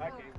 okay.